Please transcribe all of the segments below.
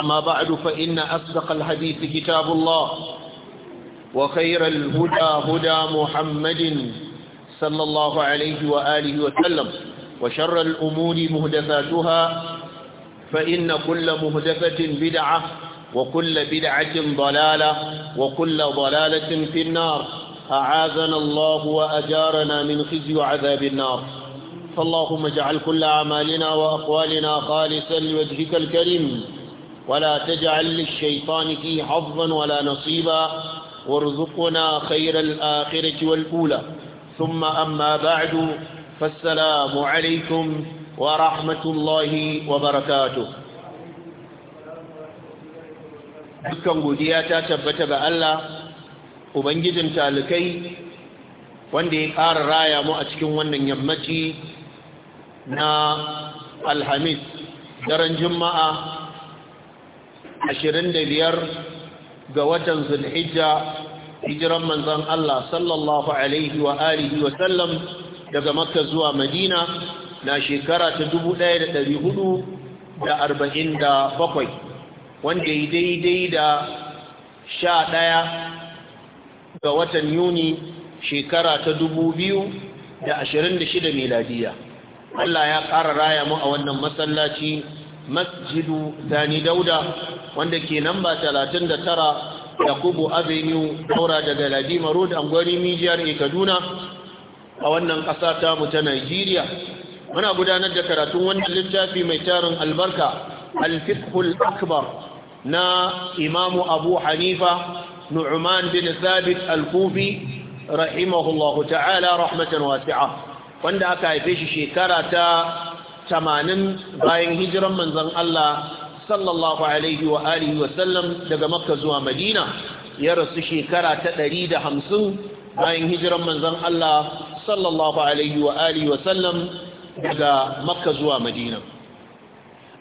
أما بعد فإن أصدق الحديث كتاب الله وخير الهدى هدى محمد صلى الله عليه وآله وسلم وشر الأمور مهدفاتها فإن كل مهدفة بدعة وكل بدعة ضلالة وكل ضلالة في النار أعاذنا الله وأجارنا من خزي وعذاب النار فاللهم اجعل كل أعمالنا وأقوالنا خالصا لوجهك الكريم ولا تجعل للشيطان فيه حظا ولا نصيبا وارزقنا خير الآخرة والأولى ثم أما بعد فالسلام عليكم ورحمة الله وبركاته dukkan godiya ta tabbata ga Allah ubangijin talikai wanda ya ƙara raya mu a cikin wannan yammaci na alhamis daren juma'a 25 ga watan zulhijja hijiran manzon Allah sallallahu alaihi wa alihi wa sallam daga makka zuwa madina na shekara ta 1447 wanda yi daidai da 11 ga watan yuni shekara ta 2026 miladiya Allah ya ƙara raya mu a wannan masallaci masjidu sani dauda wanda ke namba 39 yakubu avenue daura daga ladima road angwari mijiyar kaduna a wannan ƙasa ta mu ta nigeria muna gudanar da karatun wannan littafi mai tarin albarka alfikhul akbar na imamu abu hanifa nu'man bin thabit al-kufi rahimahullahu ta'ala rahmatan wasi'a wanda aka haife shi shekara ta tamanin bayan hijiran manzon Allah sallallahu alaihi wa alihi wa sallam daga makka zuwa madina ya rasu shekara ta ɗari da hamsin bayan hijiran manzon Allah sallallahu alaihi wa alihi wa sallam daga makka zuwa madina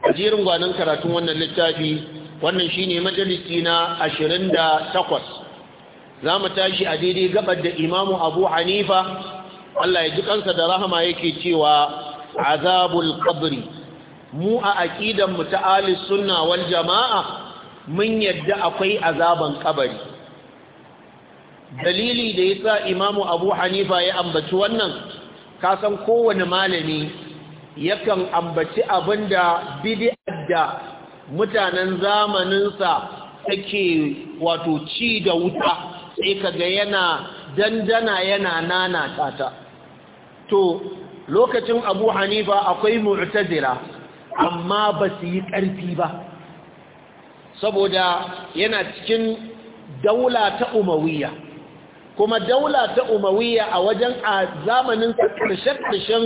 a jerin gwanin karatun wannan littafi wannan shine majalisi na ashirin da takwas za mu tashi a daidai gabar da Imam abu hanifa Allah ya ji kansa da rahama yake cewa azabul qabri mu a aqidan mu ta Ali sunna wal jamaa mun yadda akwai azaban kabari dalili da yasa imamu abu hanifa ya ambaci wannan kasan kowane malami yakan ambaci abinda bid'ar da mutanen zamaninsa take wato ci da wuta sai kaga yana dandana yana nana tata to lokacin abu hanifa akwai mu'tazila amma ba su yi ƙarfi ba saboda yana cikin daula ta umawiya kuma daula ta umawiya a wajen a zamanin ƙarshen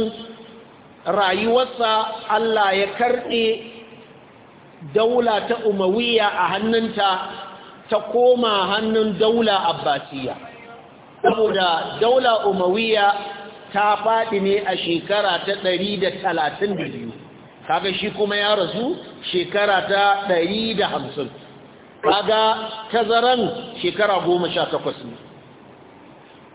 rayuwarsa Allah ya karɗe daula ta umawiya a hannunta ta koma hannun daula abbasiya saboda daula umawiya ta faɗi ne a shekara ta ɗari da da biyu. kaga shi kuma ya rasu shekara ta ɗari da hamsin. kaga tazaran shekara goma sha takwas ne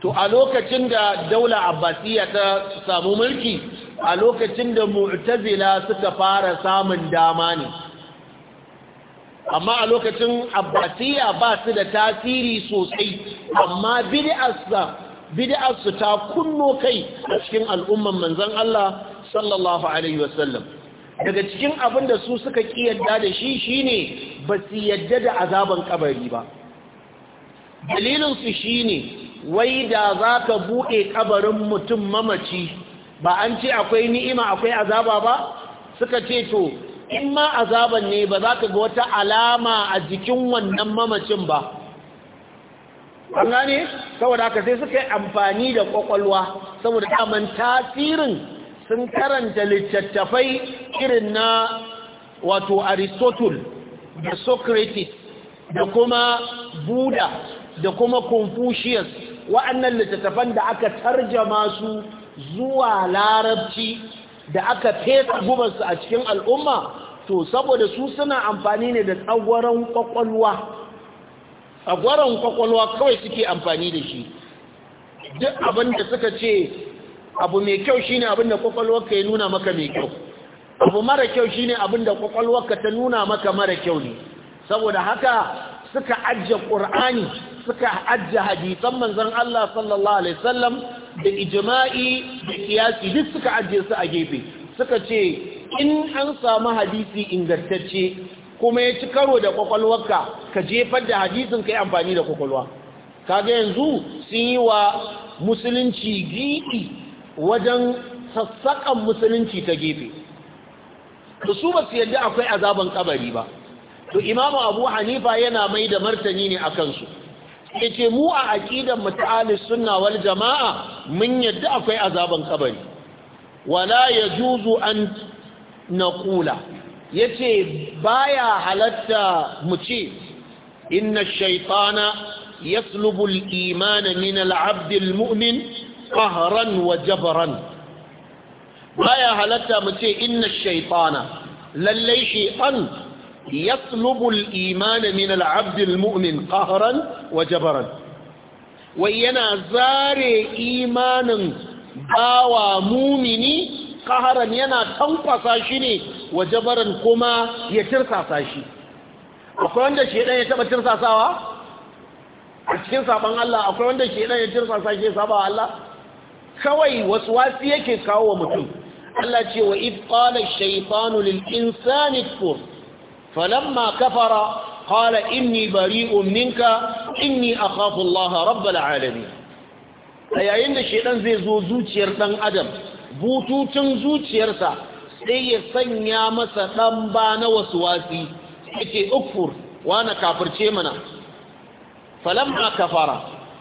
to a lokacin da daula abbasiya ta samu mulki a lokacin da mu'tazila suka fara samun dama ne amma a lokacin abbasiya ba su da tasiri sosai amma bid'arsa su ta kunno kai a cikin al'umman manzon Allah sallallahu alaihi wasallam daga cikin abin da su suka kiyarda da shi shine ba su yadda da azaban ƙabari ba dalilin su shine wai da zaka buɗe ƙabarin mutum mamaci ba an ce akwai ni'ima akwai azaba ba suka ce to in ma azaban ne ba za ka ga wata alama a jikin wannan mamacin ba an gane saboda haka sai suka yi amfani da kwakwalwa saboda daman tasirin sun karanta littattafai irin na wato aristotle da socrates da kuma buddha da kuma confucius wa'annan littattafan da aka tarjama su zuwa larabci da aka fesa gubansu a cikin al'umma to saboda su suna amfani ne da tsagwaron kwakwalwa a gwaron kwakwalwa kawai suke amfani da shi duk abin da suka ce abu mai kyau shine abin da ka ya nuna maka mai kyau abu mara kyau shine abin da ka ta nuna maka mara kyau ne saboda haka suka ajiye ƙur'ani suka ajiye hadisan manzon Allah sallallahu alaihi wasallam da ijma'i da kiyasi duk suka ajiye su a gefe suka ce in an samu hadisi ingantacce kuma ya ci karo da kwakwalwarka ka jefar da hadisin ka yi amfani da kwakwalwa kaga yanzu sun yi wa musulunci giɗi wajen sassaƙan musulunci ta gefe to su ba su yadda akwai azaban kabari ba to imamu abu hanifa yana mai da martani ne a kansu ya ce mu a aƙidan mutu'alis sunna wal jama'a mun yadda akwai azaban kabari wala ya juzu an na kula ya ce ba ya halatta mu ce inna shaitana ya tsulubul imana min al’abdil mu’min ƙaharan wa jabaran ba halatta mu ce inna shaitana lallai shaitan ya tsulubul imana min al’abdil mu’min ƙaharan wa jabaran wai yana zare imanin bawa mumini Ƙaharan yana tankwasa shi ne wa jabaran kuma ya tirsasa shi akwai wanda shedan ya taba tirsasawa a cikin saban Allah akwai wanda shedan ya tirsasa shi saba Allah kawai wasu wasi yake kawo wa mutum Allah ce wa id qala ash-shaytanu lil insani kfur falamma kafara qala inni bari'un minka inni akhafu Allah rabbal alamin a yayin da shedan zai zo zuciyar dan adam bututun zuciyarsa sai ya sanya masa ɗan ba na wasu wasi yake ukfur wani kafirce mana falamma kafara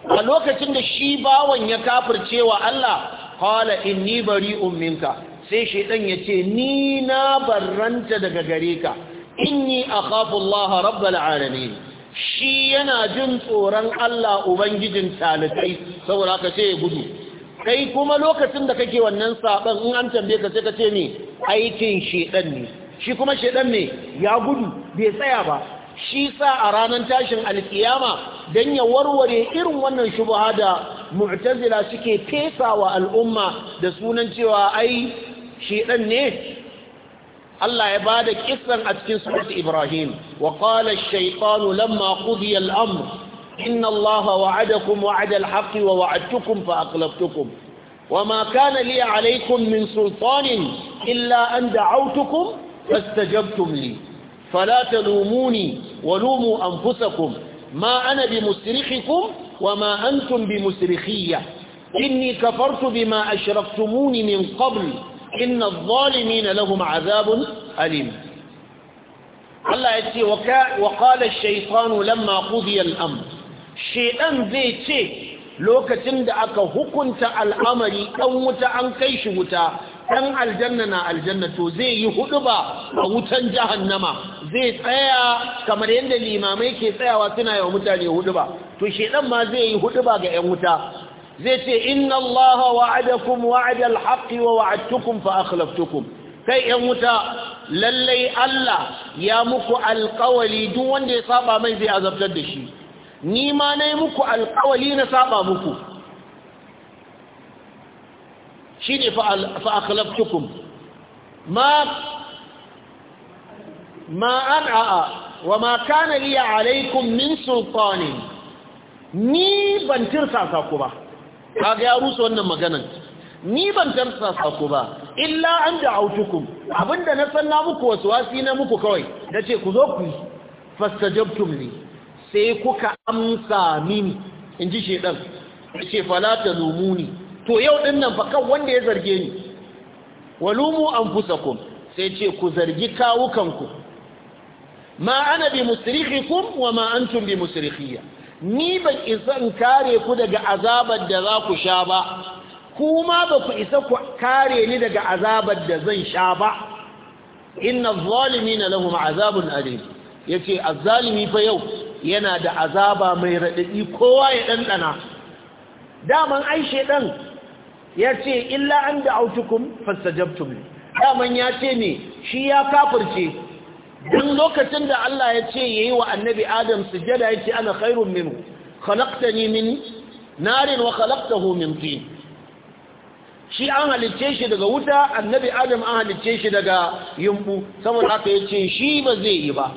a lokacin da shi bawan ya kafirce wa Allah qala inni bari minka sai shi ya yace ni na barranta daga gare ka inni akhafu Allah rabbul alamin shi yana jin tsoron Allah ubangijin talibai saboda haka sai ya gudu kai kuma lokacin da kake wannan saban in an tambaye ka sai ka ce ni aikin shedan ne shi kuma shedan ne ya gudu bai tsaya ba shi sa a ranar tashin alkiyama dan ya warware irin wannan shubha da mu'tazila suke wa al'umma da sunan cewa ai shedan ne Allah ya bada kissan a cikin surat Ibrahim wa qala ash-shaytanu lamma qudiya al-amr إن الله وعدكم وعد الحق ووعدتكم فأقلبتكم وما كان لي عليكم من سلطان إلا أن دعوتكم فاستجبتم لي فلا تلوموني ولوموا أنفسكم ما أنا بمسرخكم وما أنتم بمسرخية إني كفرت بما أشرفتموني من قبل إن الظالمين لهم عذاب أليم الله يتي وقال الشيطان لما قضي الأمر shedan zai ce lokacin da aka hukunta al'amari ɗan wuta an kai shi wuta ɗan aljanna na aljanna to zai yi hudu ba a wutan jahannama zai tsaya kamar yadda limamai ke tsayawa suna yawa mutane hudu ba to shedan ma zai yi hudu ba ga 'yan wuta zai ce inna allaha wa'adakum wa'ada alhaqi wa wa'adtukum fa akhlaftukum kai 'yan wuta lallai Allah ya muku alƙawali duk wanda ya saba mai zai azabtar da shi ni ma na yi muku alkawali na saba muku shi ne fa'akalaftukum ma ma a'a wa ma kana liya alaikum min sultani ni ban tirsa saku ba ka ga ya rusa wannan maganan ni ban tirsa saku ba illa an da autukum abinda na sanna muku wasu wasi na muku kawai da ce ku zo ku fastajabtum ne sai kuka amsa mini in ji shaidan ya ce falata lumuni to yau ɗin nan fa kan wanda ya zarge ni walumu an fusakun sai ce ku zargi kawukanku ma ana bi musrikhikum wa ma antum bi musrikhiyya ni ban isa in kare ku daga azabar da za ku sha ba kuma ba ku isa ku kare ni daga azabar da zan sha ba inna adh na lahum azabun alim yace adh fa yau yana da azaba mai raɗaɗi kowa ya ɗanɗana daman ai ɗan ya ce illa an da autukum fastajabtum daman ya ce ne shi ya kafirce Don lokacin da Allah ya ce yayi wa annabi Adam sujada ya ce ana khairun minhu khalaqtani min narin wa khalaqtahu min tin shi an halicce shi daga wuta annabi Adam an halicce shi daga yumbu saboda haka ya ce shi ba zai yi ba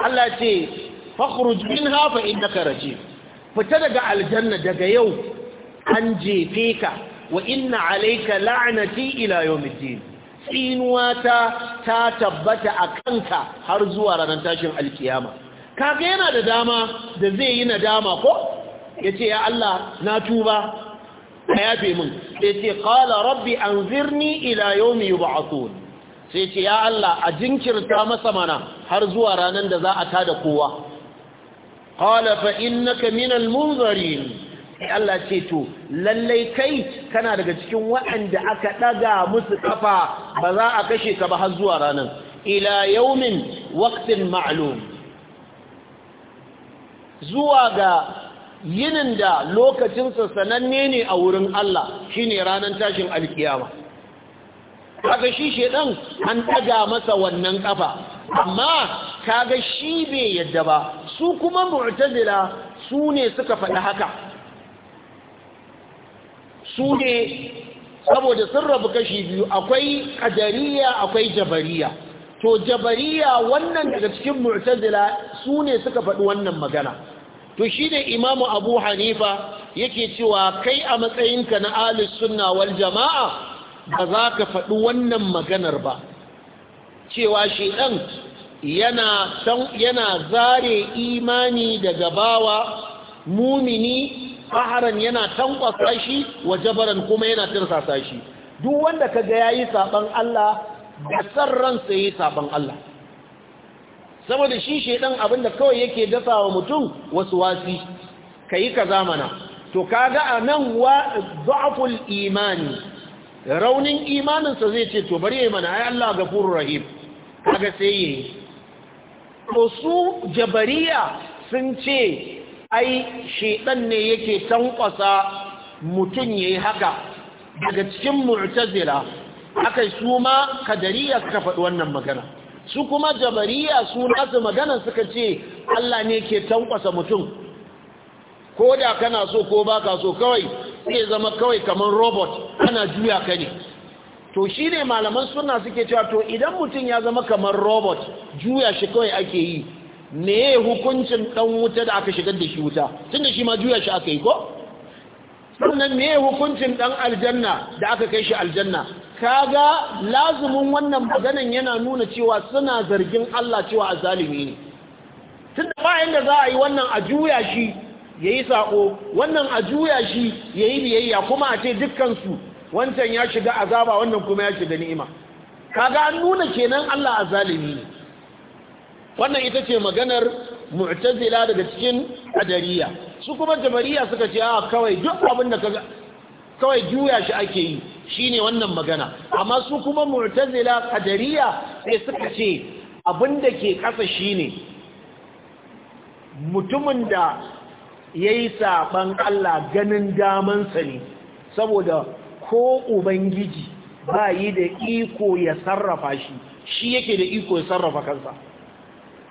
Allah ce fakhruj minha fa innaka rajim fita daga aljanna daga yau an jefe ka wa inna alayka la'nati ila yawmiddin tsinuwa ta ta tabbata a kanka har zuwa ranar tashin alkiyama kaga yana da dama da zai yi nadama ko yace ya Allah na tuba ka yafe min sai ce qala rabbi anzirni ila yawmi yub'athun sai ce ya Allah a jinkirta masa mana har zuwa ranar da za a tada kowa qala fa innaka minal munzirin Allah ce to lallai kai kana daga cikin waɗanda aka daga musu kafa ba za a kashe ka ba har zuwa ranar ila yawmin waqtin ma'lum zuwa ga yinin da lokacinsa sananne ne a wurin Allah shine ranar tashin alkiyama kaga shi shedan an daga masa wannan kafa amma kaga shi bai yadda ba su kuma mu'tazila su ne suka faɗi haka su ne saboda sun rabu kashi biyu akwai ƙadariya akwai jabariya to jabariya wannan daga cikin mu'tazila su ne suka faɗi wannan magana to shi ne Imam abu hanifa yake cewa kai a matsayinka na alis sunna wal jama'a ba za ka faɗi wannan maganar ba cewa shaidan yana yana zare imani daga bawa mumini faharan yana tankwasa shi wa jabaran kuma yana tirsasa shi duk wanda ka ya yayi saban Allah da sarran sa yi saban Allah saboda shi ɗan abinda kawai yake dasa wa mutum wasu wasi ka yi ka zamana. to kaga anan wa za'aful imani raunin imaninsa zai ce to bari ya mana ai Allah gafurur rahim kaga sai yayi to su jabariya sun ce ai shedan ne yake tankwasa mutum ya yi haka daga cikin murtazila aka su ma kadariya suka faɗi wannan magana su kuma jabariya su nasu magana suka ce Allah ne ke tankwasa mutum ko da kana so ko baka so kawai sai zama kawai kamar robot ana juya ka ne to shi malaman suna suke cewa to idan mutum ya zama kamar robot juya shi kawai ake yi me hukuncin dan wuta da aka shigar da shi wuta tunda shi ma juya shi aka yi ko sannan me hukuncin dan aljanna da aka kai shi aljanna kaga lazumin wannan maganan yana nuna cewa suna zargin Allah cewa azalimi ne tunda ba yanda za a yi wannan a juya shi ya yi saƙo wannan a juya shi ya yi biyayya kuma a ce dukkansu wancan ya shiga azaba wannan kuma ya shiga ni'ima kaga an nuna kenan Allah a zalimi ne wannan ita ce maganar mu'tazila daga cikin adariya su kuma jabariya suka ce a ah, kawai duk abin da kaga kawai juya shi ake yi shine wannan magana amma su kuma mu'tazila adariya sai suka ce abin da ke kasa shine mutumin da yayi saɓan Allah ganin damansa ne saboda ko ubangiji ba yi da iko ya sarrafa shi shi yake da iko ya sarrafa kansa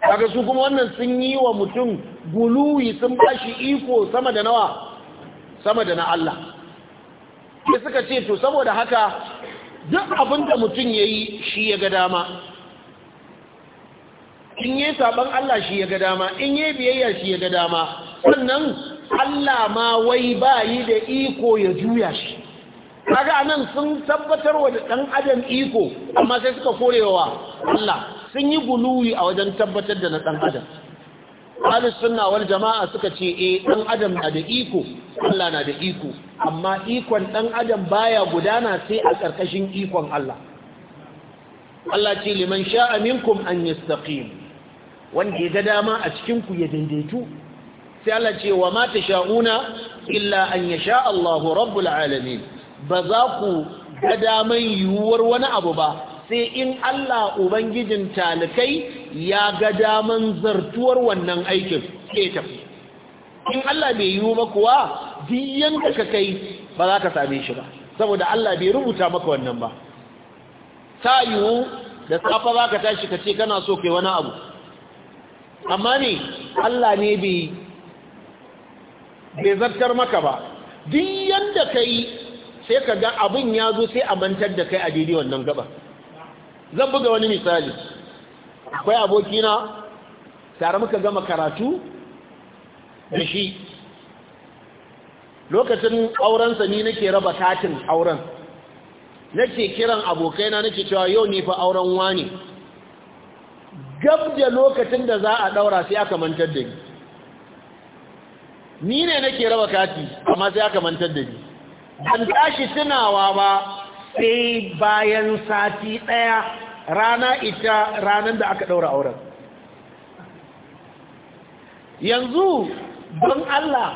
daga su kuma wannan sun yi wa mutum guluwi sun ba shi iko sama da nawa sama da na Allah ya suka ce to saboda haka duk abin da mutum ya yi shi ya ga dama in yi saɓan Allah shi ya ga dama in yi biyayya shi ya ga dama sannan Allah ma wai ba yi da iko ya juya shi kaga nan sun tabbatar wa da ɗan adam iko amma sai suka korewa Allah sun yi guluwi a wajen tabbatar da na ɗan adam ahlus sunna wal jama'a suka ce eh dan adam na da iko Allah na da iko amma ikon dan adam baya gudana sai a karkashin ikon Allah Allah ce liman sha'a minkum an yastaqim wanda ya ga dama a cikin ku ya daidaitu sai Allah ce wa ma tasha'una illa an yasha Allahu rabbul alamin ba za ku ga daman yiwuwar wani abu ba sai in Allah ubangijin talikai ya ga daman zartuwar wannan aikin ke tafi in Allah bai yiwu ba kuwa diyan da ka kai ba za ka same shi ba saboda Allah bai rubuta maka wannan ba ta yiwu da safa za ka tashi ka ce kana so kai wani abu amma ne Allah ne bai bai zartar maka ba duk yadda ka yi sai ka ga abin ya zo sai a mantar da kai a daidai wannan gaba zan buga wani misali akwai abokina tare muka gama karatu da shi lokacin aurensa ni nake raba katin auren nake kiran abokaina nake cewa yau ne fa auren wani gab da lokacin da za a daura sai aka mantar da ni ni ne nake raba kati amma sai aka mantar da ni ban tashi tunawa ba sai bayan sati ɗaya rana ita ranan da aka ɗaura auren yanzu don Allah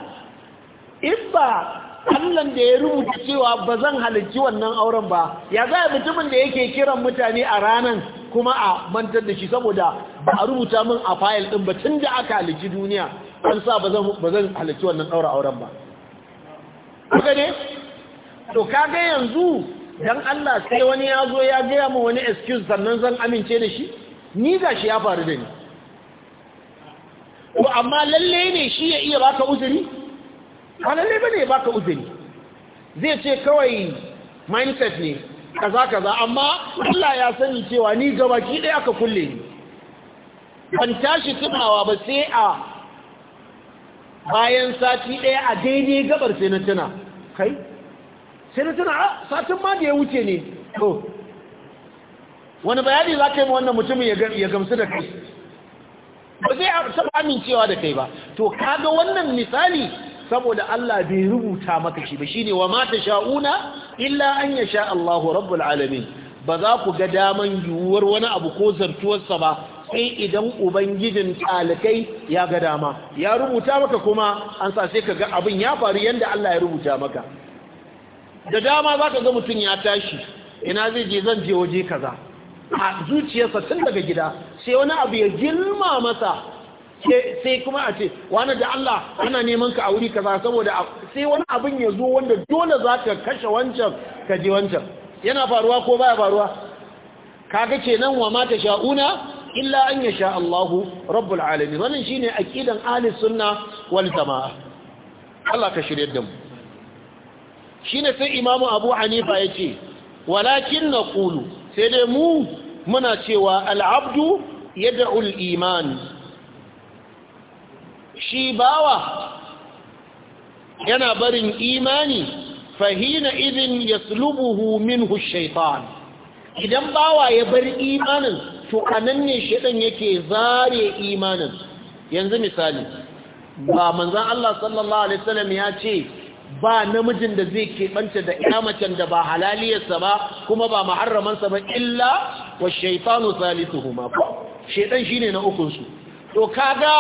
in ba Allah da ya rubuta cewa ba zan halarci wannan auren ba ya za mutumin da yake kiran mutane a ranan kuma a mantar da shi saboda ba a rubuta min a fayil ɗin ba tun da aka halarci duniya an sa ba zan halarci wannan ɗaura auren ba kuka ne to kaga yanzu don Allah sai wani ya zo ya gaya mu wani excuse sannan zan amince da shi ni ga shi ya faru da ni to amma lalle ne shi ya iya baka uzuri ba lalle ba ne ya baka uzuri zai ce kawai mindset ne kaza kaza amma Allah ya sani cewa ni gabaki ɗaya aka kulle ni ban tashi tunawa ba sai a bayan sati ɗaya a daidai gabar sai na tuna kai sai na tuna a ah, satin ma da ya wuce ne to wani bayani za ka yi wannan mutumin ya gamsu da kai ba zai saba amincewa da kai ba to kaga wannan misali saboda Allah bai rubuta maka shi ba shine wa mata sha'una illa an yasha Allahu rabbul alamin ba za ku ga daman yiwuwar wani abu ko zartuwarsa ba sai idan ubangijin talikai ya ga dama ya rubuta maka kuma an sa ka ga abin ya faru yadda Allah ya rubuta maka da dama za ka ga mutum ya tashi ina zai je zan je waje kaza a zuciyarsa tun daga gida sai wani abu ya girma masa sai kuma a ce wani da Allah ana neman ka a wuri kaza saboda sai wani abin ya zo wanda dole za ka kashe wancan ka je wancan yana faruwa ko baya faruwa kaga kenan wa mata sha'una illa an sha Allahu rabbul alamin wannan shine aqidan ahli sunna wal jamaa Allah ka shirye da mu shine sai Imam Abu Hanifa yace walakin naqulu sai dai mu muna cewa al-abdu yad'u al-iman shi bawa yana barin imani fahina idin yaslubuhu minhu shaitan idan bawa ya bar imanin to a nan ne shaɗan yake zare imanin yanzu misali ba manzan Allah sallallahu Alaihi wasallam ya ce ba namijin da zai keɓanta da ƙyamacin da ba halaliyarsa ba kuma ba maharramansa ba illa wa shaitanu salisu huma ko shi ne na ukunsu to kaga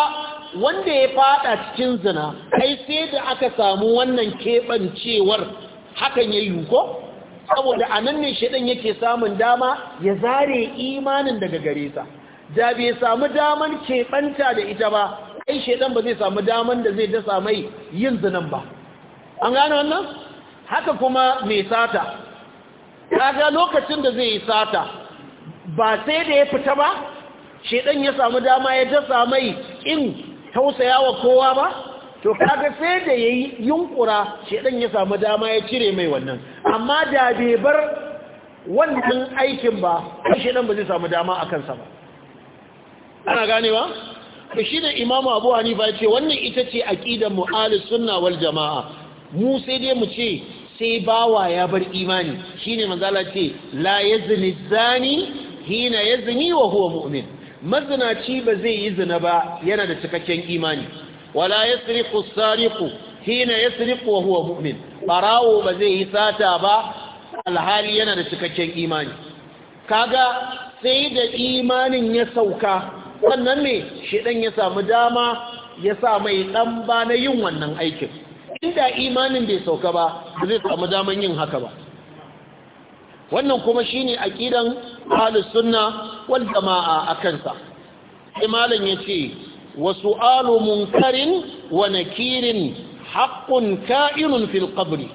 wanda ya fada cikin zina kai sai da aka samu wannan keɓancewar hakan ya yi ko saboda a nan ne shaɗin yake samun dama ya zare imanin daga gare ta da bai samu daman keɓanta da ita ba ai shaɗin ba zai samu daman da zai dasa mai yin zinan ba an gane wannan haka kuma mai sata kaga lokacin da zai yi sata ba sai da ya fita ba shaɗin ya samu dama ya dasa mai in tausaya wa kowa ba to kaga sai da yayi yunkura shedan ya samu dama ya cire mai wannan amma da bai bar wannan aikin ba shedan ba zai samu dama a kansa ba ana ganewa to shine imamu abu hanifa ya ce wannan ita ce aqidar mu'alis sunna wal jama'a mu sai dai mu ce sai bawa ya bar imani shine manzala ce la yazni zani hina yazni wa huwa mu'min mazinaci ba zai yi zina ba yana da cikakken imani wala yasriqu as-sariqu hina ya wa huwa mu'min barawo ba zai yi sata ba alhali yana da cikakken imani kaga sai da imanin ya sauka wannan ne dan ya samu dama ya sa mai dan ba na yin wannan aikin inda imanin bai sauka ba zai samu daman yin haka ba wannan kuma shine aqidan ahlus sunna wal jamaa Malam imalan yace وسؤال wa ونكير kirin haƙƙun ka'irun filƙabri.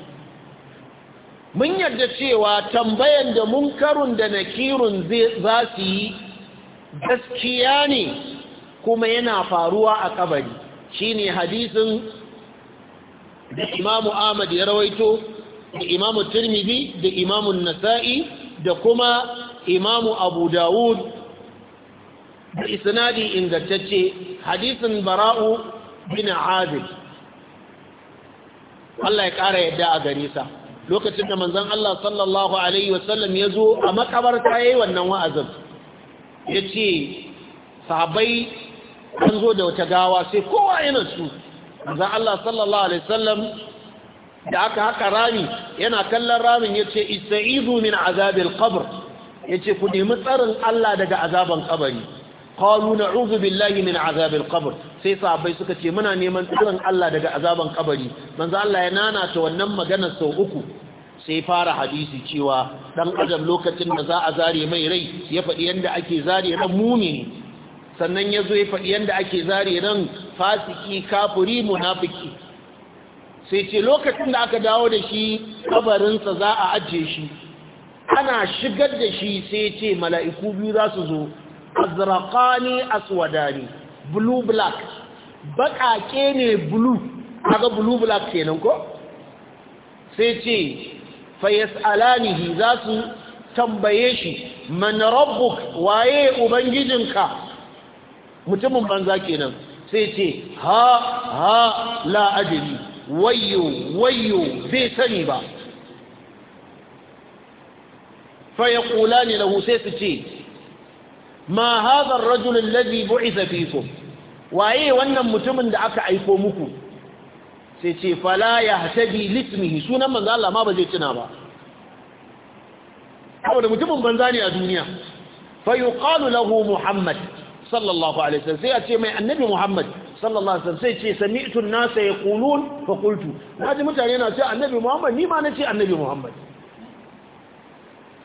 mun yarda cewa tambayan da munkarun da nakirun za su yi gaskiya ne kuma yana faruwa a Shi shine hadisin da imamu ahmad ya rawaito da imamu tirmidhi da imamu nasa'i da kuma imamu abu dawud da isnadi ingantacce hadisin bara'u bin azib Allah ya ƙara yadda a gare lokacin da manzon Allah sallallahu ya zo a makabarta yayi wannan wa'azin yace sahabbai an zo da wata gawa sai kowa yana su manzon Allah sallallahu da aka haka rami yana kallon ramin yace istaizu min azabil qabr yace ku nemi tsarin Allah daga azaban ƙabari. qalu na'udhu billahi min azabil qabr sai sahabbai suka ce muna neman tsirin Allah daga azaban kabari manzo Allah ya nana ta wannan magana sau uku sai fara hadisi cewa dan adam lokacin da za a zare mai rai ya faɗi yanda ake zare ran mumini sannan yazo zo ya faɗi yanda ake zare ran fasiki kafiri munafiki sai ce lokacin da aka dawo da shi kabarinsa za a ajiye shi ana shigar da shi sai ce mala'iku biyu za su zo azraqani aswadani blue black baƙaƙe ne blue kaga blue black kenan ko sai ce fayas'alanihi za su tambaye shi man rabbuk waye ubangijinka mutumin banza kenan sai ce ha ha la adri wayyo wayyo bai sani ba yaqulani lahu sai su ce ma hadha ar-rajul alladhi bu'itha fikum waye wannan mutumin da aka aiko muku sai ce fala yahtadi litmihi sunan manzo Allah ma ba zai tuna ba saboda mutumin banza ne a duniya fa yuqalu lahu muhammad sallallahu alaihi wasallam sai a ce mai annabi muhammad sallallahu alaihi wasallam sai ce sami'tu an-nasa yaqulun fa qultu naji mutane na ce annabi muhammad ni ma nace annabi muhammad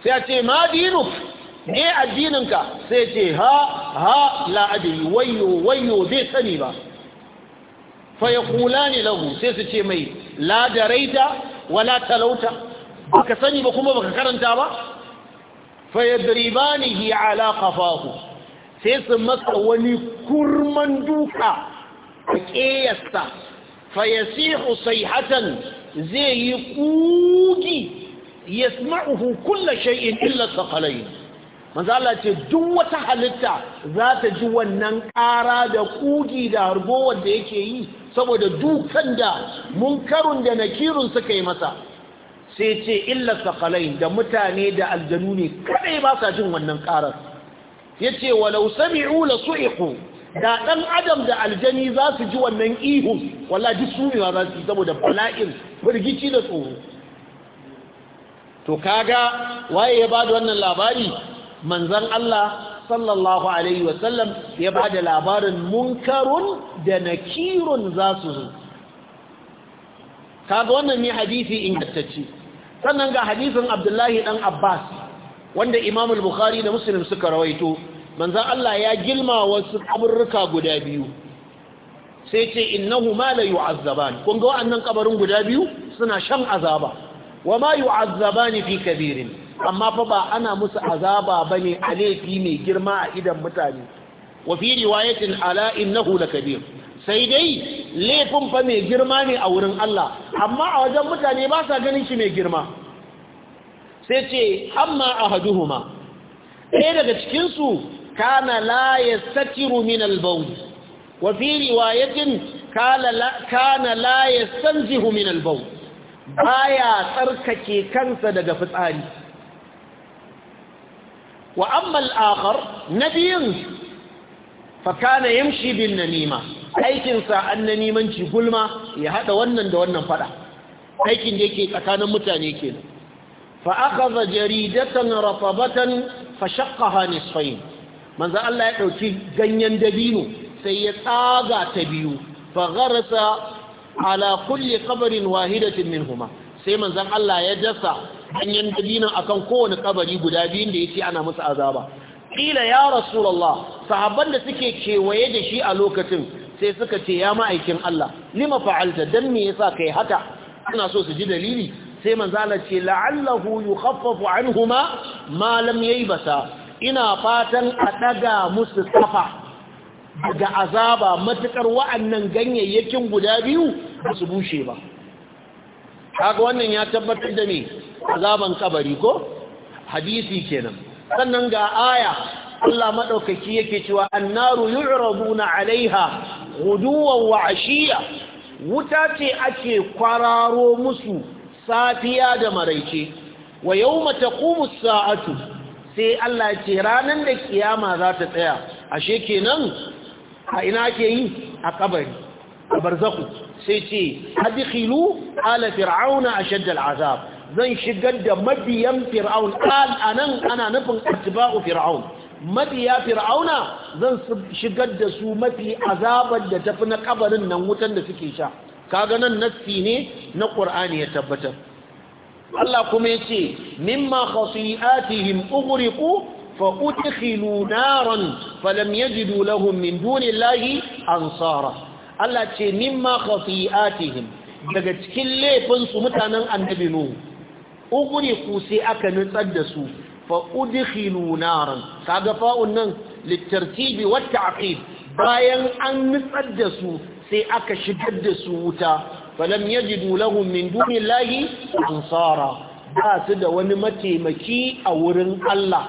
sai a ce ma dinuk ne addininka sai ce ha ha la'adari wayo wayo zai sani ba faya kula ne lagu sai su ce mai ladaraita wala talauta baka sani ba kuma baka karanta ba faya diribanihi ala kafahu sai su masa wani kurman duka a ƙeyasta faya sihu sai hatan zai yi kugi yasma'uhu kulla shai'in illa sakalai manzo Allah ce duk wata halitta za ta ji wannan ƙara da ƙugi da harbo wanda yake yi saboda dukan da munkarun da nakirun suka yi masa sai ce illa sakalai da mutane da aljanu ne kadai ba sa jin wannan ƙarar yace walau sami'u la su'iqu da dan adam da aljani za su ji wannan ihu Wala duk sumewa za su yi saboda bala'in birgici da tsoro to kaga waye ya bada wannan labari manzan Allah sallallahu alaihi wasallam ya ba da labarin munkarun da nakirun za su zo kaga wannan ne hadisi ingantacce sannan ga hadisin abdullahi ɗan abbas wanda Imamul bukhari da muslim suka rawaito manzan Allah ya gilma wasu kaburruka guda biyu sai ce innahu ma la yu'azzaban kun ga wa'annan kabarin guda biyu suna shan azaba wa ma yu'azzabani fi kabirin amma fa ba ana musu azaba bane a laifi mai girma a idan mutane wa fi riwayatin ala innahu lakabir sai dai laifin fa mai girma ne a wurin Allah amma a wajen mutane ba sa ganin shi mai girma sai ce amma ahaduhuma ɗaya daga cikin su kana la satiru min al wa fi riwayatin kana la yastanzihu min al baya tsarkake kansa daga fitsari wa amma al'akar na biyun fakana yamshi bin namima aikinsa an namimanci gulma ya haɗa wannan da wannan fada aikin da yake tsakanin mutane kenan fa akhadha jaridatan ratabatan fa shaqqaha nisfayn manzo Allah ya dauki ganyen dabino sai ya tsaga ta biyu fa gharasa ala kulli qabrin wahidatin minhuma sai manzon Allah ya dasa ganyen a akan kowane kabari guda biyun da yace ana musu azaba ƙila ya rasulallah sahabban da suke kewaye da shi a lokacin sai suka ce ya ma'aikin Allah lima fa'alta dan me yasa kai haka ana so su ji dalili sai manzala ce la'allahu yukhaffafu anhuma ma lam yaybasa ina fatan a daga musu kafa daga azaba matukar wa'annan ganyayyakin guda biyu ba su bushe ba kaga wannan ya tabbatar da me. azaban kabari ko hadisi kenan sannan ga aya Allah madaukaki yake cewa annaru yu'raduna 'alaiha ghuduwan wa 'ashiya wuta ce ake kwararo musu safiya da maraice wa yawma taqumu as-sa'atu sai Allah ya ce ranan da kiyama za ta tsaya ashe kenan a ina ake yi a kabari a barzaku sai ce hadikhilu ala fir'auna ashadda azab zan shigar da mabiyan fir'aun nan ana nufin atba'u fir'aun mabiya fir'auna zan shigar da su mafi azabar da tafi na kabarin nan wutan da suke sha kaga nan nassi ne na qur'ani ya tabbatar Allah kuma yace mimma khasi'atihim ughriqu fa udkhilu naran falam yajidu lahum min dunillahi ansara Allah ce mimma khasi'atihim daga cikin laifin su mutanen annabi nuhu ughriqu sai aka nutsar da su fa udkhilu naran kaga fa'un nan litartibi wat ta'qib bayan an nutsar da su sai aka shigar da su wuta falam yajidu lahum min dunillahi ansara ba su da wani mataimaki a wurin Allah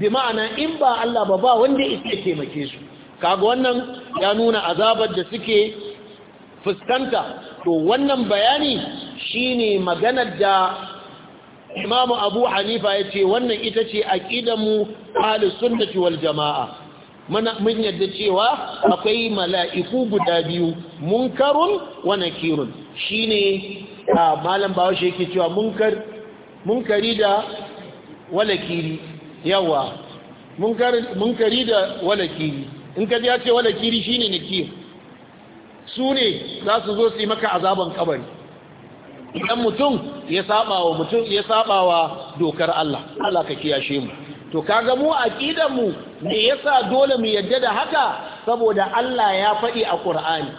bi ma'ana in ba Allah ba ba wanda yake taimake su kaga wannan ya nuna azabar da suke fuskanta to wannan bayani shine maganar da Imam abu hanifa ya ce wannan ita ce aƙidanmu ahalus sunnati wal jama'a mun yadda cewa akwai mala'iku guda biyu munkarun wa nakirun shine a malam bawo shi yake cewa munkar munkari da walakiri yawa munkari da walakiri in ka ji ya ce walakiri shine nakir su ne za su zo su yi maka azaban kabari idan mutum ya saba wa mutum ya saba wa dokar Allah Allah ka kiyashe mu to kaga mu aqidan mu me yasa dole mu yadda da haka saboda Allah ya faɗi a Qur'ani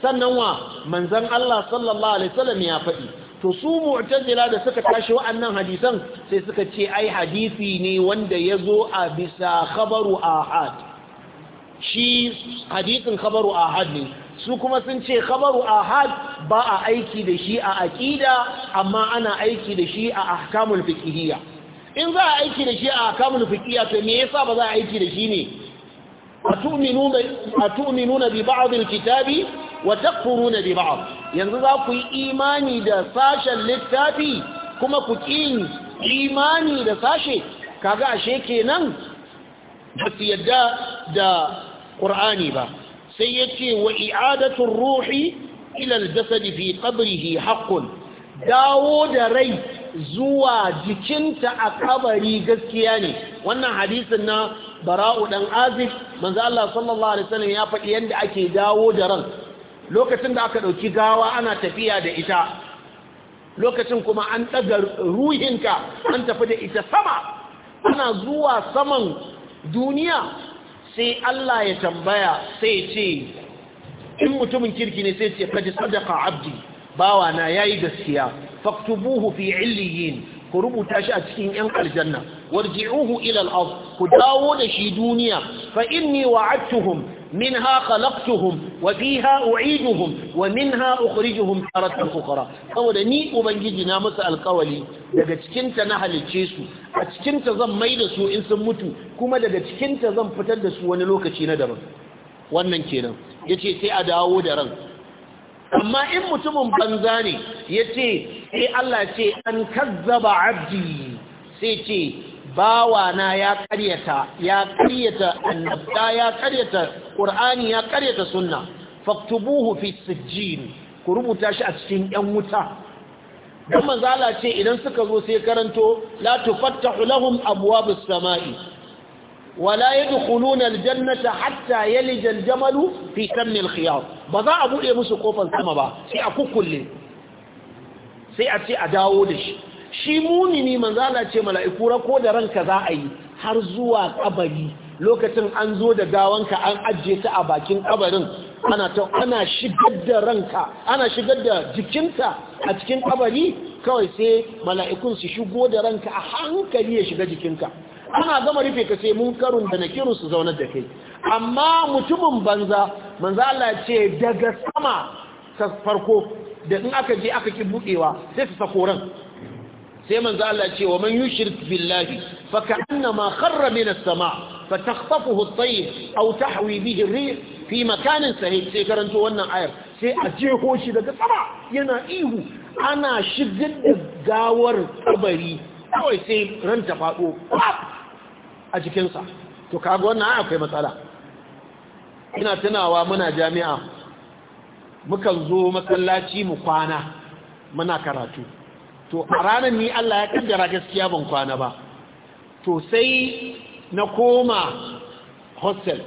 sannan wa manzon Allah sallallahu alaihi wasallam ya faɗi to su mu'tazila da suka tashi wa'annan hadisan sai suka ce ai hadisi ne wanda yazo a bisa khabaru ahad shi hadisin khabaru ahad ne su kuma sun ce khabaru ahad ba a aiki da shi a aƙida amma ana aiki da shi a ahkamul fiqhiyya in za a aiki da shi a ahkamul fiqhiyya to me yasa ba za a aiki da shi ne atu'minuna bi ba'd kitabi wa takfuruna bi ba'd yanzu za ku yi imani da sashen littafi kuma ku kin imani da sashe kaga ashe kenan ba su yadda da qur'ani ba sai ya ce wa i'adatun ruhi ilal jasadi fi qabrihi haqqun dawo da rai zuwa jikinta a kabari gaskiya ne wannan hadisin na bara'u dan azif manzo Allah sallallahu alaihi wasallam ya faɗi yanda ake dawo da ran lokacin da aka dauki gawa ana tafiya da ita lokacin kuma an daga ruhinka an tafi da ita sama ana zuwa saman duniya sai Allah ya tambaya sai ce in mutumin kirki ne sai ce kaji sadaka abdi bawa na yayi gaskiya faktubuhu fi illiyin ku rubuta shi a cikin yan aljanna warji'uhu ila al-ard ku dawo da shi duniya fa inni wa'adtuhum منها wa وفيها أعيدهم ومنها أخرجهم تارة أخرى saboda ni ubangiji na musu alkawali daga cikinta na halicce su a cikinta zan mai da su in sun mutu kuma daga cikinta zan fitar da su wani lokaci na daban wannan kenan yace sai a dawo daren. amma in mutumin banza ne yace sai Allah ce an kazzaba abdi sai ce bawana ya karyata ya karyata annabta ya karyata qur'ani ya karyata sunna faktubuhu fi sijjin ku rubuta shi a cikin yan wuta dan manzala ce idan suka zo sai karanto la tufattahu lahum abwabus samai wala yadkhuluna jannata hatta yalija aljamalu fi kamni alkhiyar ba za a bude musu kofar sama ba sai a kukkulle sai a ce a dawo da shi shi mumini manzala ce mala'iku rako da ranka za a yi har zuwa kabari lokacin an zo da gawanka an ajje ta a bakin kabarin ana ta ana shigar da ranka ana shigar da jikinta a cikin kabari kawai sai mala'ikun su shigo da ranka a hankali ya shiga jikinka ana gama rufe ka sai mun karun da na kiru su zaunar da kai amma mutumin banza manzala ce daga sama ta farko da in aka je aka ki budewa sai su sako ran sai manzo Allah ce wa man yushrik billahi fa ka'annama kharra min as-sama' fa takhtafuhu at-tayr aw tahwi bihi ar-rih fi makanin sahih sai karanto wannan ayar sai a jeho shi daga sama yana ihu ana shigar da gawar kabari kawai sai ranta faɗo a jikinsa to kaga wannan ayar akwai matsala ina tunawa muna jami'a mukan zo masallaci mu kwana muna karatu to a ranar ni Allah ya kaddara gaskiya ban kwana ba to sai na koma hostel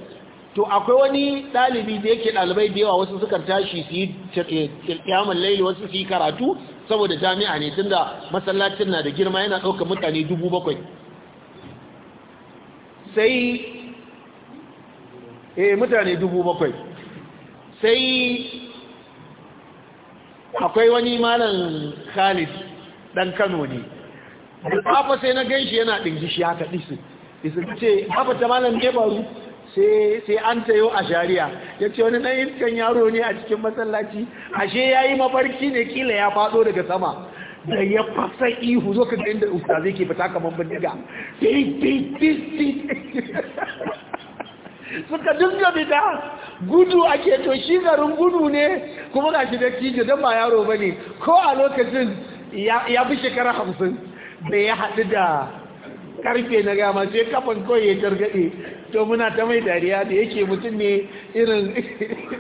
to akwai wani ɗalibi da yake ɗalibai da yawa wasu suka tashi su yi kyamun laili wasu su yi karatu saboda jami'a ne tun da masallacin na da girma yana ɗaukar mutane dubu bakwai sai e mutane dubu bakwai sai akwai wani malam khalid dan kano ne da sai na ganshi yana ɗingishi haka ɗisi isa ce haɓa ta malam ne sai an tayo a shari'a ya ce wani ɗan iskan yaro ne a cikin masallaci ashe ya yi mafarki ne kila ya faɗo daga sama da ya fasa ihu zo ka inda usta zai ke fita kamar bindiga suka dinga fita gudu ake to shi garin gudu ne kuma ga shi da kije don ba yaro ba ne ko a lokacin ya fi shekara hamsin bai ya haɗu da karfe na gama sai kafan kawai ya targaɗe to muna ta mai dariya da yake mutum ne irin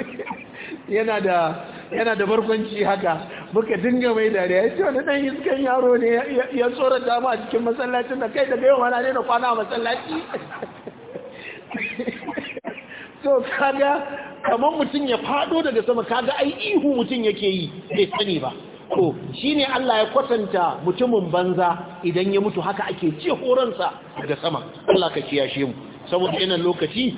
yana da yana da barkwanci haka muka dinga mai dariya ya ce wani ɗan iskan yaro ne ya tsorata mu a cikin masallacin da kai daga yau wana ne na kwana a masallaci so kaga kamar mutum ya faɗo daga sama kaga ai ihu mutum yake yi bai sani ba ko Shi ne Allah ya kwatanta mutumin banza idan ya mutu haka ake ce horonsa daga sama Allah ka kiyashe mu saboda wannan lokaci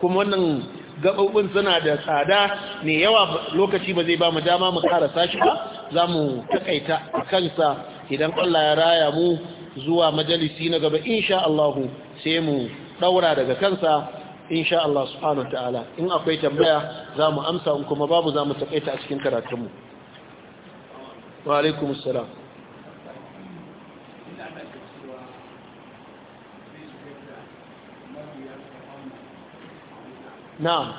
kuma wannan gabobin suna da tsada ne yawa lokaci ba zai ba mu dama mu karasa shi ba za mu takaita kansa idan Allah ya raya mu zuwa majalisi na gaba insha Allah sai mu ɗaura daga kansa insha Allah subhanahu ta'ala in akwai tambaya za mu amsa kuma babu za mu takaita a cikin karatunmu وعليكم السلام نعم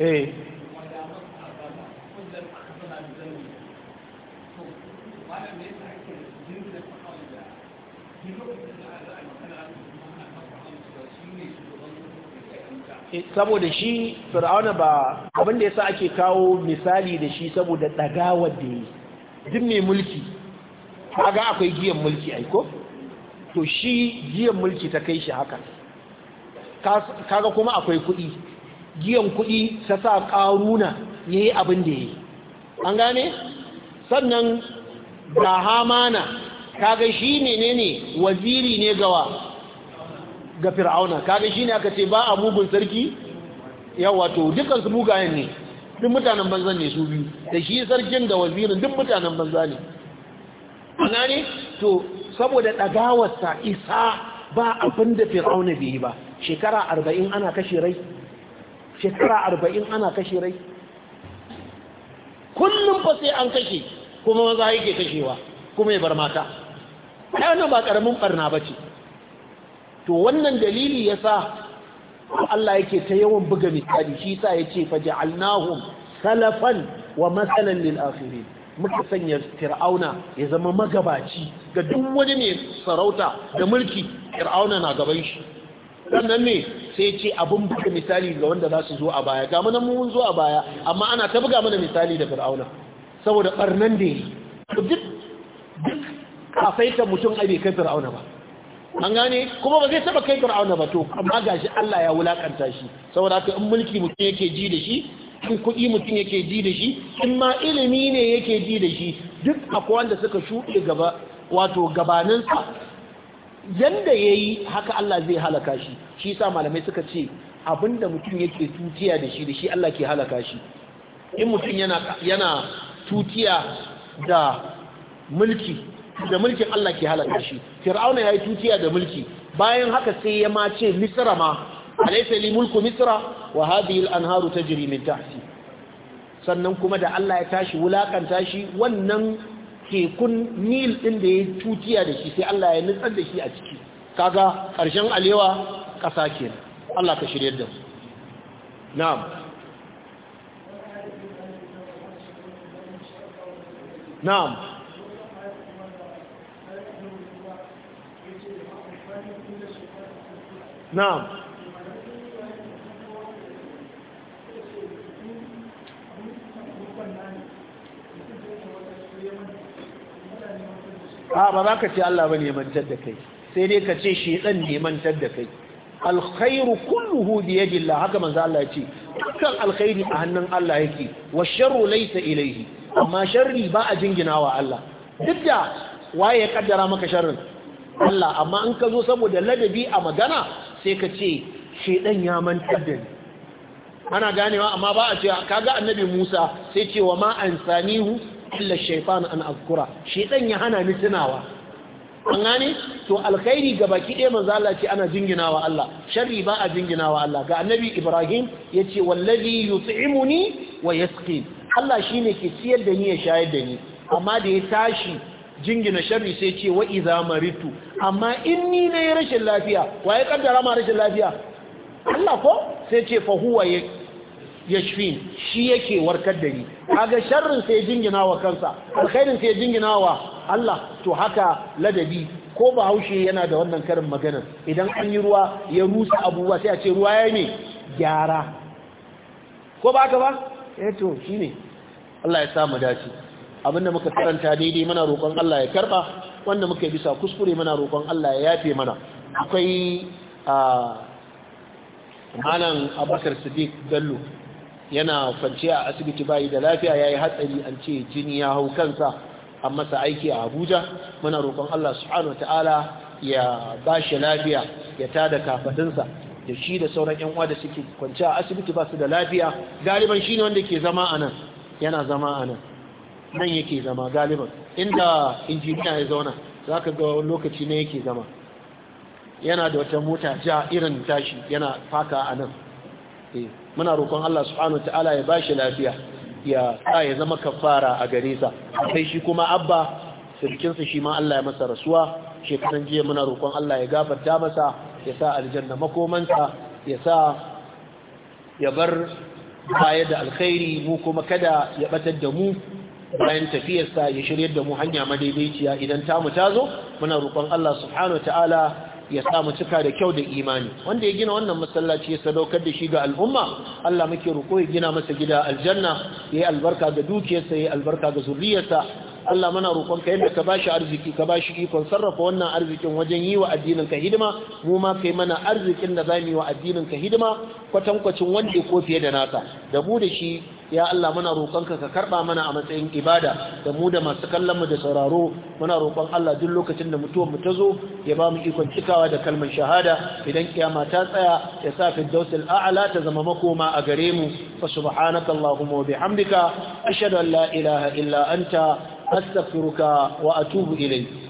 ايه saboda shi fir'auna ba abin da yasa ake kawo misali da shi saboda dagawar da yi duk mai mulki kaga akwai giyan mulki aiko to shi giyan mulki ta kai shi haka kaga kuma akwai kuɗi giyan kuɗi ta sa ƙaruna ya yi abin da ya yi an gane sannan ga hamana kaga shi ne waziri ne gawa ga fir'auna kaga shine aka ce ba a sarki yawa to dukkan su mugayen ne duk mutanen banza ne su biyu da shi sarkin da wazirin duk mutanen banza ne ana ne to saboda ɗagawarsa isa ba abin da fir'auna bai yi ba shekara arba'in ana kashe rai shekara arba'in ana kashe rai kullum fa sai an kashe kuma maza yake kashewa kuma ya bar mata ɗaya ba ƙaramin ɓarna ba ce to wannan dalili yasa Allah yake ta yawan buga misali shi yasa yace faj'alnahum salafan wa masalan lil akhirin muka sanya fir'auna ya zama magabaci ga duk wani ne sarauta da mulki fir'auna na gaban shi sannan ne sai ce abin buga misali ga wanda za su zo a baya ga mana mun zo a baya amma ana ta buga mana misali da fir'auna saboda barnan da yi duk kafaita mutum a bai kai fir'auna ba an gane kuma ba zai taba kai fir'auna ba to amma gashi Allah ya wulakanta shi saboda haka in mulki mutum yake ji da shi in kuɗi mutum yake ji da shi in ma ilimi ne yake ji da shi duk akwai wanda suka shuɗe gaba wato gabaninsa yanda yayi haka Allah zai halaka shi shi yasa malamai suka ce abinda mutum yake tutiya da shi da shi Allah ke halaka shi in mutum yana tutiya da mulki da mulkin Allah ke halarta shi fir'auna yayi tutiya da mulki bayan haka sai ya ma ce misra ma alaysa li mulku misra wa hadhihi al-anharu tajri min tahti sannan kuma da Allah ya tashi wulakanta shi wannan tekun nil din da ya tutiya da shi sai Allah ya nutsar da shi a ciki kaga karshen alewa kasa kenan Allah ka shiryar da su na'am na'am na'am a ba za ka ce Allah ba nemantar da kai sai dai ka ce shi nemantar da kai alkhairu kulluhu ya dilla haka manzo Allah ya ce dukkan alkhairi a hannun Allah yake wa sharu laysa ilayhi amma sharri ba a jinginawa Allah duk da waye ya kaddara maka sharrin Allah amma in ka zo saboda ladabi a magana sai ka ce shaidan ya mantar da ni ana ganewa amma ba a ce kaga annabi Musa sai ce wa ma ansanihu illa shaytan an azkura shedan ya hana ni tunawa an gane to alkhairi ga baki ɗaya manzo Allah ce ana jinginawa Allah sharri ba a jinginawa Allah ga annabi Ibrahim yace wallazi yut'imuni wa yasqi Allah shine ke ciyar da ni ya shayar da ni amma da ya tashi jingina sharri sai ce wa iza maritu amma in ni na yi rashin lafiya wa ya kaddara ma rashin lafiya Allah ko sai ce fa huwa yashfin shi yake warkar da ni kaga sharrin sai jingina wa kansa alkhairin sai jingina wa Allah to haka ladabi ko bahaushe yana da wannan karin magana idan an yi ruwa ya rusa abubuwa sai a ce ruwa ya ne gyara ko ba ka ba eh to shine Allah ya sa mu dace abinda muka karanta daidai muna roƙon Allah ya karɓa, wanda muka yi bisa kuskure muna roƙon Allah ya yafe mana akwai malam Abubakar sadiq Bello yana kwanciya a asibiti bayi da lafiya ya yi hatsari an ce jini ya hau kansa an masa aiki a Abuja muna roƙon Allah subhanahu ta'ala ya ba shi lafiya ya ta da kafadinsa da shi da sauran yan uwa da suke kwanciya a asibiti ba su da lafiya galiban ne wanda ke zama a nan yana zama a nan. nan yake zama galiban inda injiniya ya zauna za ka ga wani lokaci ne yake zama yana da wata mota ja irin tashi yana faka a nan eh, muna roƙon Allah subhanahu ta'ala ya bashi lafiya ya sa ya zama kafara a gare sa sai shi kuma abba sirkinsa shi ma Allah ya masa rasuwa shekaran jiya muna roƙon Allah ya gafarta masa ya sa aljanna makomansa ya sa ya bar baya da alkhairi mu kuma kada ya batar da mu bayan tafiyarsa ya shiryar da mu hanya madaidaiciya idan ta ta zo muna roƙon Allah subhanahu ta'ala ya samu cika da kyau da imani wanda ya gina wannan masallaci ya sadaukar da shi ga al'umma Allah muke roƙo ya gina masa gida aljanna yayi albarka ga dukiyarsa yayi albarka ga zuriyarsa Allah muna roƙon ka yanda ka bashi arziki ka ba bashi ikon sarrafa wannan arzikin wajen yi wa addinin ka hidima mu ma kai mana arzikin da zamu yi wa addinin ka hidima kwatankwacin wanda ko fiye da naka da mu da shi ya Allah muna roƙonka ka karɓa mana a matsayin ibada da mu da masu kallon mu da sauraro muna roƙon Allah duk lokacin da mutuwar mu ta zo ya ba mu ikon cikawa da kalmar shahada idan kiyama ta tsaya ya sa firdausul a'ala ta zama makoma a gare mu fa subhanaka allahumma wa bihamdika ashhadu an la ilaha illa anta astaghfiruka wa atubu ilayk